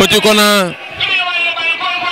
Petit Kona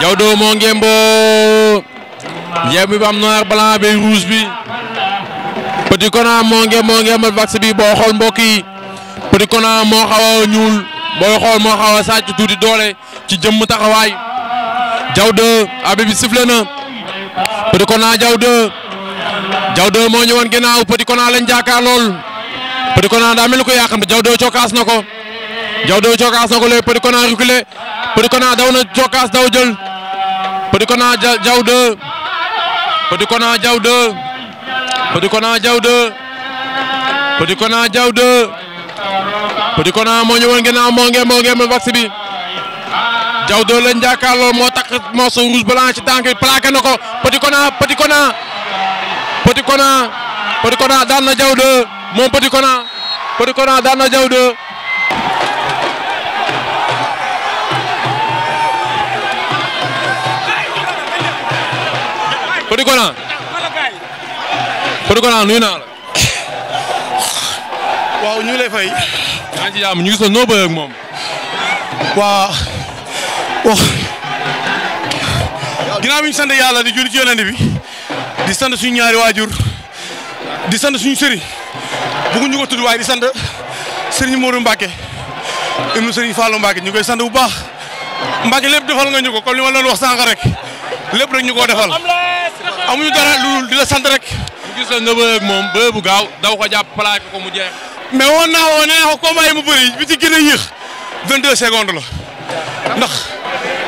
Diawdo moo ngemboo njéem bi am noir blanc bi rouge bi Petit moo ngemboo ngembal bi boo xool mbokk yi Petit Kona moo xaw a ñuul booy xool moo xaw a tuuti doole ci jëmm taxawaay Diawdo abib bi sifflé na Petit Kona Diawdo Diawdo moo ñëwoon ginnaaw Petit Kona lañ lool Petit Kona ko yàqam Diawdo cokaas ko Diawdo cokaas ko léegi Petit Kona reculé Petit Kona daw na Cokaas daw jël Petit Kona Diaw 2 Petit Kona Diaw 2 Petit Kona Diaw 2 Petit Kona Diaw 2 Petit Kona moo ñëwoon ginnaaw moo nge moo nge mu vax bi Diaw 2 lañ jàkkaarloo moo tax morceau ci tànk yi plaqué na Kona Petit Kona Petit Kona Petit Kona daan Kona Petit Kona daan na Diaw Petit Conan. Petit Conan nuyu naa la. waaw ñu lay fay. maa ngi ci jàmm ñu noo bëgg moom. waaw. wax. ginnaaw bi ñu sant yàlla di julli ci yonent bi. di sant suñu ñaari waajur. di sant suñu sëriñ. ñu ko tudd waaye di sant sëriñ Modou Mbacke. ibnu sëriñ Fallou Mbacke ñu koy sant bu baax. Mbacke lépp defal nga ñu ko comme li ma leen wax sànq rek. lépp rek ñu ko defal amuñu dara lu di la sant rek. bu gis la nga bëgg moom bëgg bu gaaw daw ko jàpp plaqué ko mu jeex. mais woon naa woon naa ko combat yi mu bëri bi ci gën a yéex 22 secondes la ndax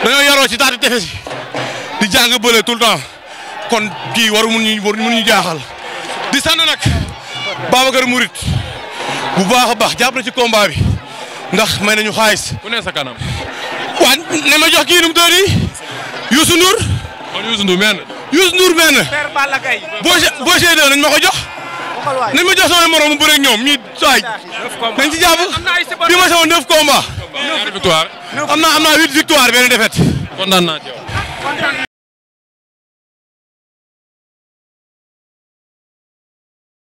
dañoo yaroo ci taati tefes yi di jàng bële tout le temps kon kii waru mun ñu waru mun ñu jaaxal di sant nag Babacar Mourid bu baax a baax jàpp na ci combat bi ndax may nañu xaalis. ku ne sa kanam. waa ne ma jox kii nu mu doon Youssou kon Youssou Ndour mel na. Youssou Ndour mel na. père Balla Gaye. boo see boo see nañ ma ko jox. nañ ma jox sama moromu bu rek ñoom ñuy saay. nañ ci jàpp bi ma sama neuf combat. am naa am naa huit victoire benn défaite. kontaan